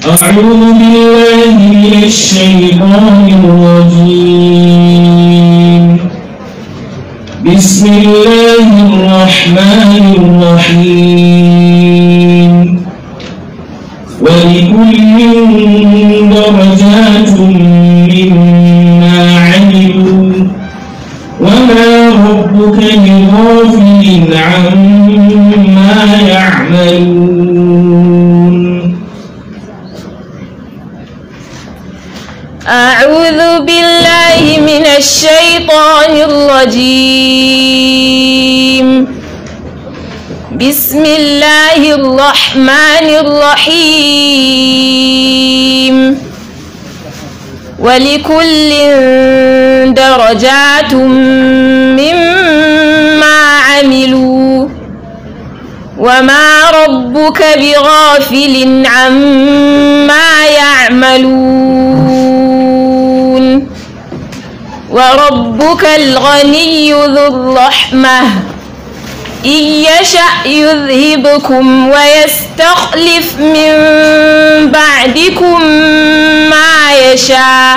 أعوذ بالله من الشيطان الرجيم بسم الله الرحمن الرحيم ولكل درجات مما عملوا وما ربك بغافل عما يعملون أعوذ بالله من الشيطان الرجيم بسم الله الرحمن الرحيم ولكل درجات مما عملوا وما ربك بغافل عما يعملون وربك الغني ذو الرحمة إن يشأ يذهبكم ويستخلف من بعدكم ما يشاء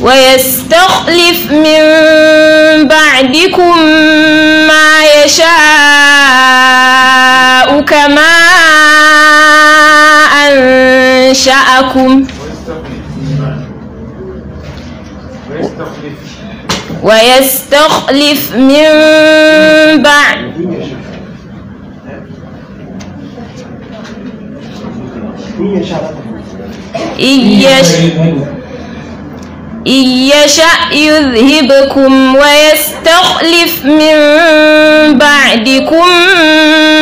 ويستخلف من بعدكم ما يشاء كما أنشأكم ويستخلف من بعد إن يشأ يذهبكم ويستخلف من بعدكم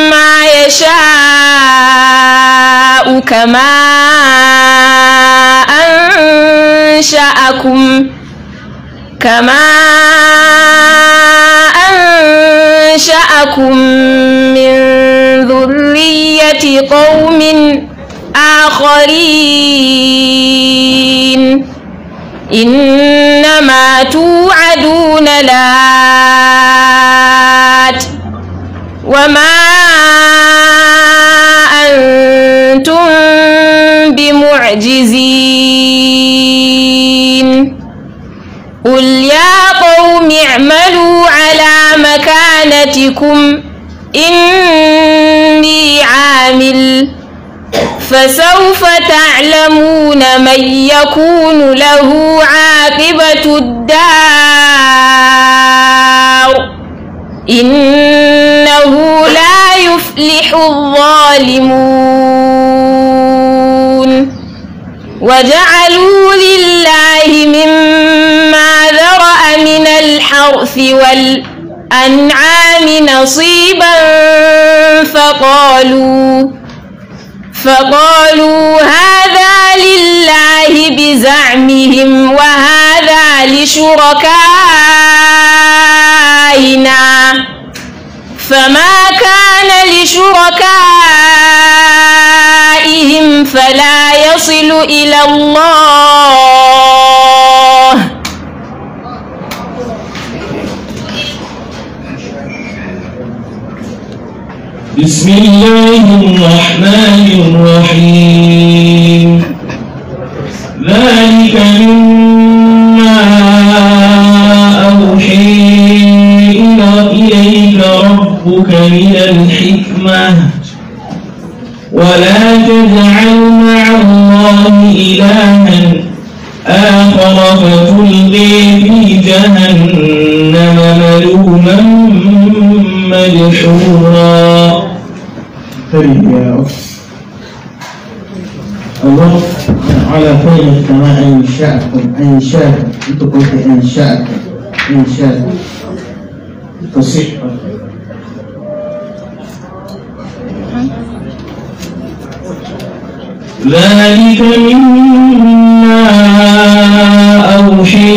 ما يشاء كما أنشأكم كما أنشأكم من ذرية قوم آخرين إنما توعدون لات وما أنتم بمعجزين قل يا قوم اعملوا على مكانتكم إني عامل فسوف تعلمون من يكون له عاقبة الدار إنه لا يفلح الظالمون وجعلوا لله مما الحرث والأنعام نصيبا فقالوا فقالوا هذا لله بزعمهم وهذا لشركائنا فما كان لشركائهم فلا يصل إلى الله بسم الله الرحمن الرحيم ذلك مما أوحي إليك ربك من الحكمة ولا تجعل مع الله إلها آخر فتلقي في جهنم ملوما مدحورا فرد أخس على فعل كما أنشأكم أنشأكم أنت قلت أنشأكم أنشأكم تصح ذلك مما أوحي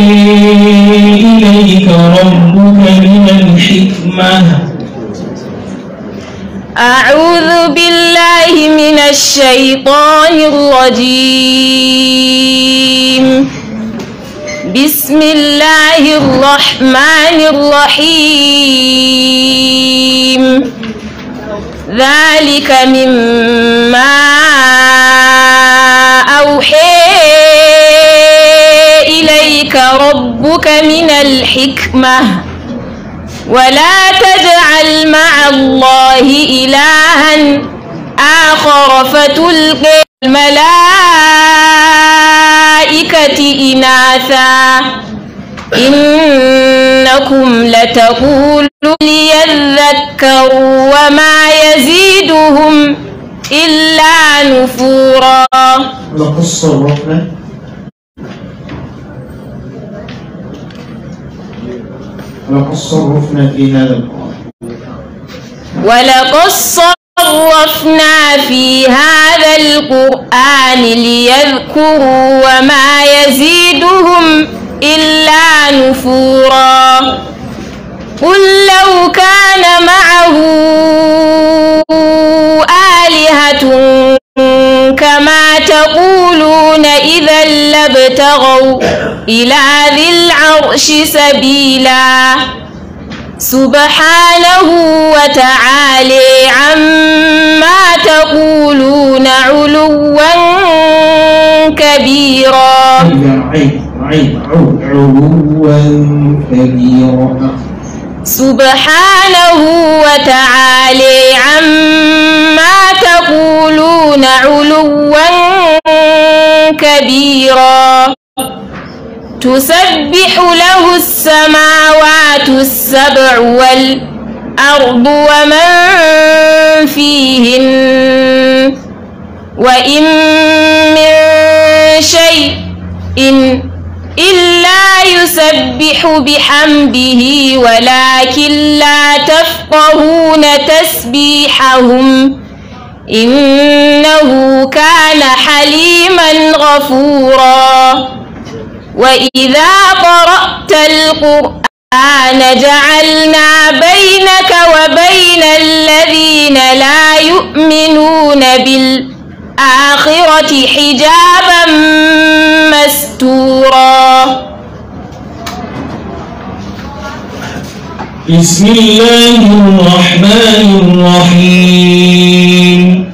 إليك ربك من الحكمة أعوذ بالله من الشيطان الرجيم بسم الله الرحمن الرحيم ذلك مما أوحي إليك ربك من الحكمة ولا تجعل مع الله إلها آخر فتلقي الملائكة إناثا إنكم لتقولون ليذكروا وما يزيدهم إلا نفورا لقص صرفنا ولقد صرفنا في هذا القرآن صرفنا في هذا القرآن ليذكروا وما يزيدهم إلا نفورا قل لو كان معه آلهة كما تقولون إذا لابتغوا إلى ذي العرش سبيلا سبحانه وتعالي عما تقولون علوا كبيرا علوا كبيرا سبحانه وتعالي عما تقولون علوا كبيرا تسبح له السماوات السبع والأرض ومن فيهن وإن من شيء إن إلا يسبح بحمده ولكن لا تفقهون تسبيحهم إنه كان حليما غفورا وإذا قرأت القرآن جعلنا بينك وبين الذين لا يؤمنون بالآخرة حجابا مستورا بسم الله الرحمن الرحيم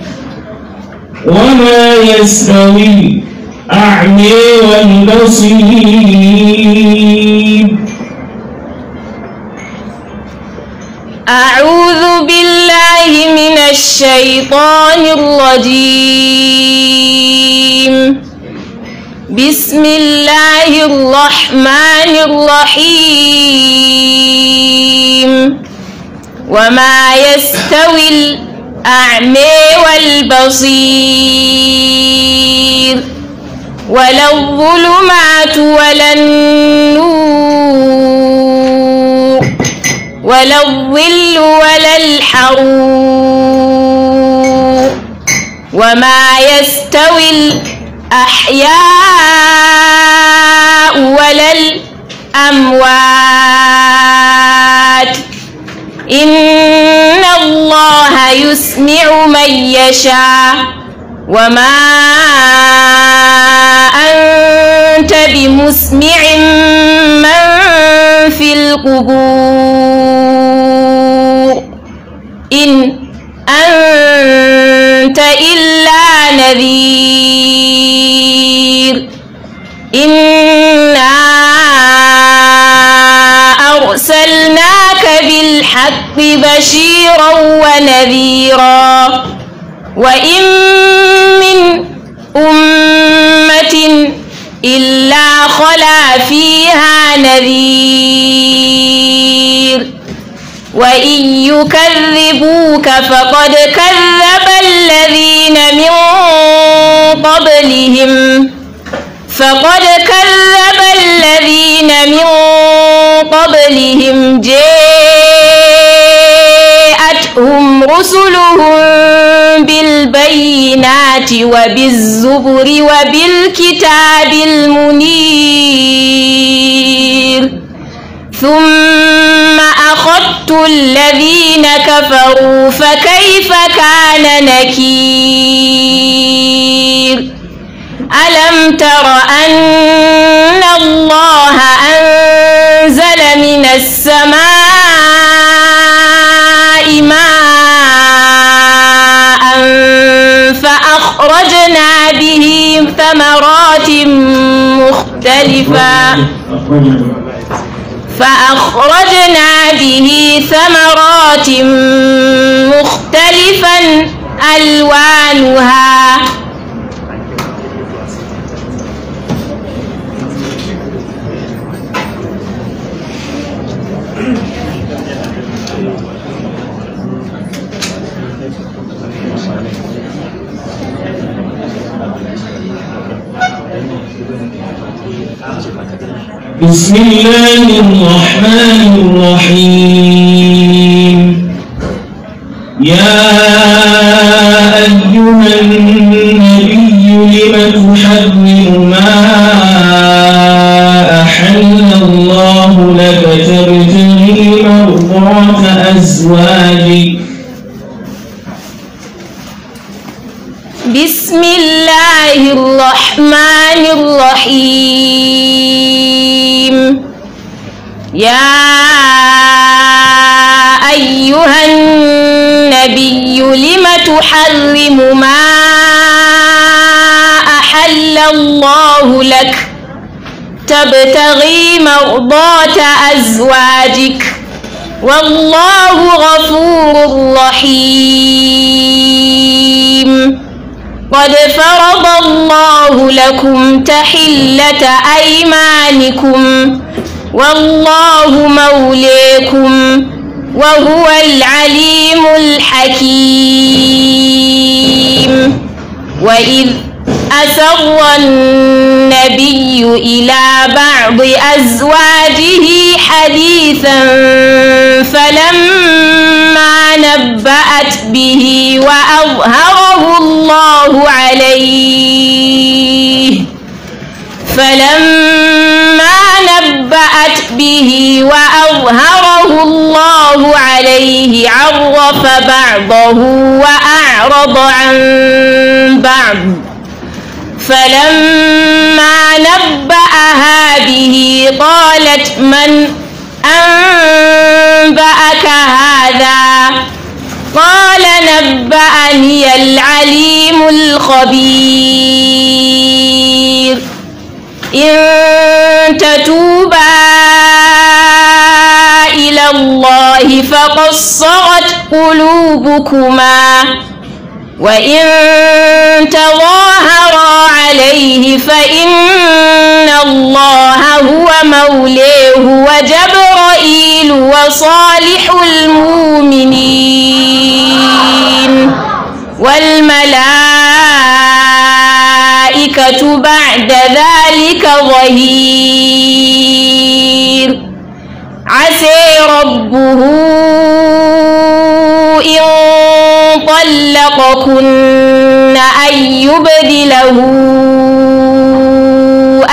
وما يستوي أعمي والبصير أعوذ بالله من الشيطان الرجيم بسم الله الرحمن الرحيم وما يستوي الأعمي والبصير ولا الظلمات ولا النور ولا الظل ولا الحرور وما يستوي الأحياء ولا الأموات إن الله يسمع من يشاء وما أنت بمسمع من في القبور إن أنت إلا نذير إنا أرسلناك بالحق بشيرا ونذيرا وإن من أمة إلا خلا فيها نذير وإن يكذبوك فقد كذب الذين من قبلهم فقد كذب الذين من قبلهم جاءتهم رسلهم بالبينات وبالزبر وبالكتاب المنير ثم أخذت الذين كفروا فكيف كان نكير ألم تر أن الله أنزل من السماء وأخرجنا به ثمرات مختلفا فأخرجنا به ثمرات مختلفا ألوانها بسم الله الرحمن الرحيم يا الله لك تبتغي مرضات أزواجك والله غفور رحيم قد فرض الله لكم تحلة أيمانكم والله موليكم وهو العليم الحكيم وإذ أسر النبي إلى بعض أزواجه حديثا فلما نبأت به وأظهره الله عليه فلما نبأت به وأظهره الله عليه عرف بعضه وأعرض عن بعض فلما نبأها به قالت من أنبأك هذا قال نبأني العليم الخبير إن تتوبا إلى الله فقصرت قلوبكما وإن تظاهرا عليه فإن الله هو مولاه وجبرائيل وصالح المؤمنين والملائكة بعد ذلك ظهير عسى ربه طلقكن أن يبدله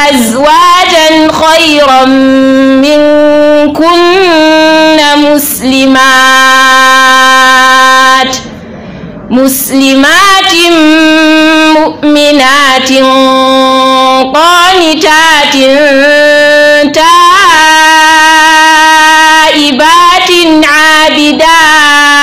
أزواجا خيرا منكن مسلمات مسلمات مؤمنات قانتات تائبات عابدات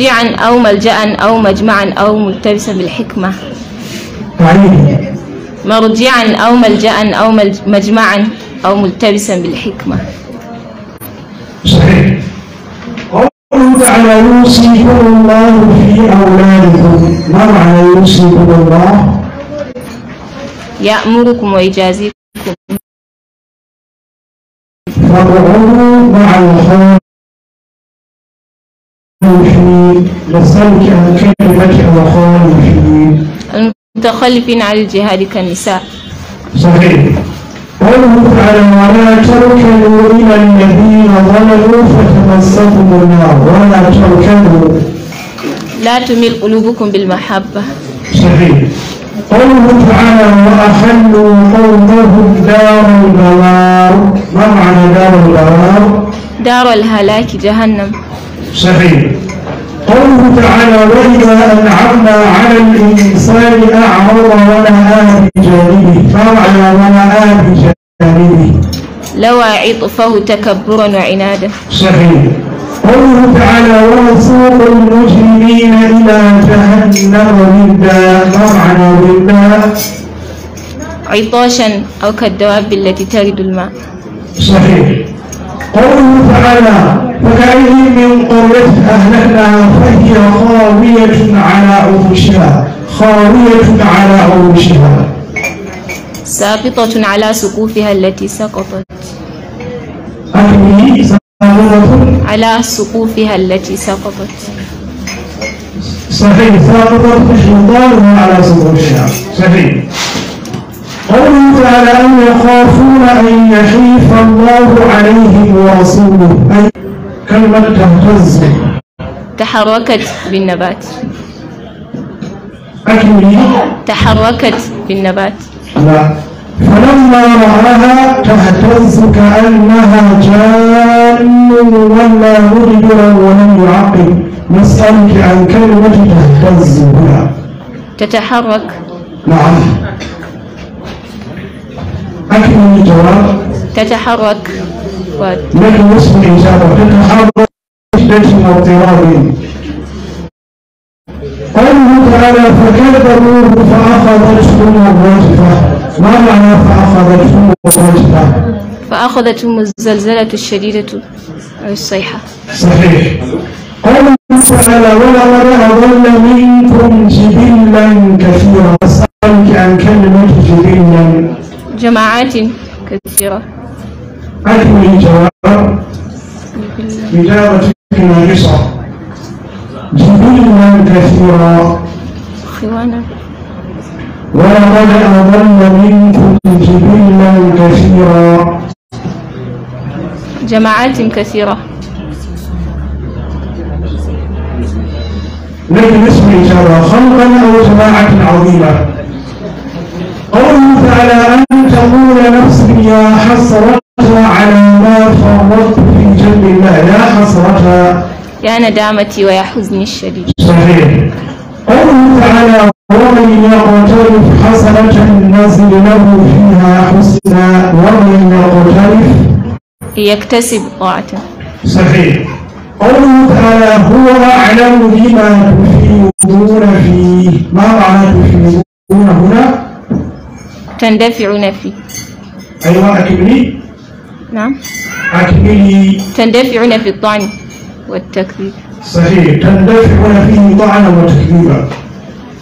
مرجعا أو ملجأ أو مجمعا أو ملتبسا بالحكمة مرجعا أو ملجأ أو مجمعا أو ملتبسا بالحكمة صحيح تعالى يوصيكم الله في أولادكم ما معنى يوصيكم الله؟ يأمركم ويجازيكم فادعوه مع الخير المتخلفين على الجهاد كالنساء صحيح قوله تعالى ولا تركنوا الى الذين ظلموا فتمسكم النار ولا تركنوا لا تمل قلوبكم بالمحبه صحيح قوله تعالى واحلوا قومهم دار البوار ما معنى دار البوار دار الهلاك جهنم صحيح قوله تعالى وإذا أنعمنا على الإنسان أعرض ونأى بجانبه فرعى ونأى بجانبه لوى عطفه تكبرا وعنادا صحيح قوله تعالى ونسوق المجرمين إلى جهنم ولدا فرعى ولدا عطاشا أو كالدواب التي ترد الماء صحيح قوله تعالى فكأي من قرية أهلكناها فهي خاوية على عروشها خاوية على عروشها ساقطة على سقوفها التي سقطت على سقوفها التي سقطت صحيح ساقطت مش على سقوفها صحيح قوله تعالى أن يخافون أن يحيف الله عليهم ورسوله أي كلمة تهتز تحركت بالنبات أكملي تحركت بالنبات لا فلما رآها تهتز كأنها جان ولا مدبرا ولم يعقب نسألك عن كلمة تهتز بها تتحرك نعم أكمل الجواب تتحرك فؤاد لك نصف الإجابة تتحرك ليس اضطراري قوله تعالى فكذبوه فأخذتهم الرجفة ما معنى فأخذتهم الرجفة؟ فأخذتهم الزلزلة الشديدة الصيحة صحيح قوله تعالى ولقد أضل منكم جبلا كثيرا أسألك عن كلمة جبلا جماعات كثيرة عدم الجواب إجابة ناقصة جهولا كثيرا خوانا ولقد أضل منكم جبلا كثيرا جماعات كثيرة لكن اسم الله خلقا أو جماعة عظيمة قوله تعالى أن تقول نفسي يا حسرة على ما فرطت في جنب الله يا حسرة يا ندامتي ويا حزني الشديد صحيح قوله تعالى ومن يقترف حسنة نزل له فيها حسنى ومن يقترف يكتسب طاعته صحيح قوله تعالى هو أعلم بما تفيدون فيه ما معنى تفيدون تندفعون فيه أيوة أكملي نعم أكملي تندفعون في الطعن والتكذيب صحيح تندفعون فيه طعنا وتكذيبا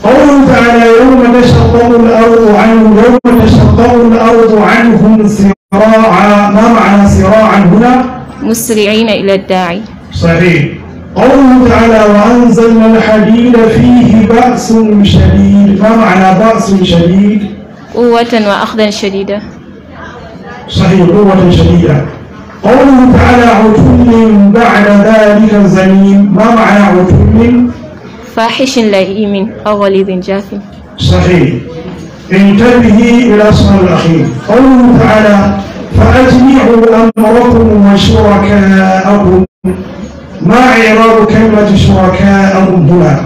قوله تعالى يوم تشقق الأرض عنه يوم تشقق الأرض عنهم سراعا ما معنى سراعا هنا؟ مسرعين إلى الداعي صحيح قوله تعالى وأنزلنا الحديد فيه بأس شديد ما معنى بأس شديد؟ قوة وأخذا شديدا صحيح قوة شديدة قوله تعالى عتل بعد ذلك زنيم ما معنى عتل؟ فاحش لئيم أو وليد جاثم صحيح انتبهي إلى اسم الأخير قوله تعالى فأجمعوا أمركم وشركاءكم ما إعراب كلمة شركاءهم هنا؟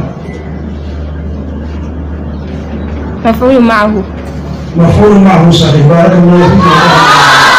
مفعول معه uma forma russa de barco, não é?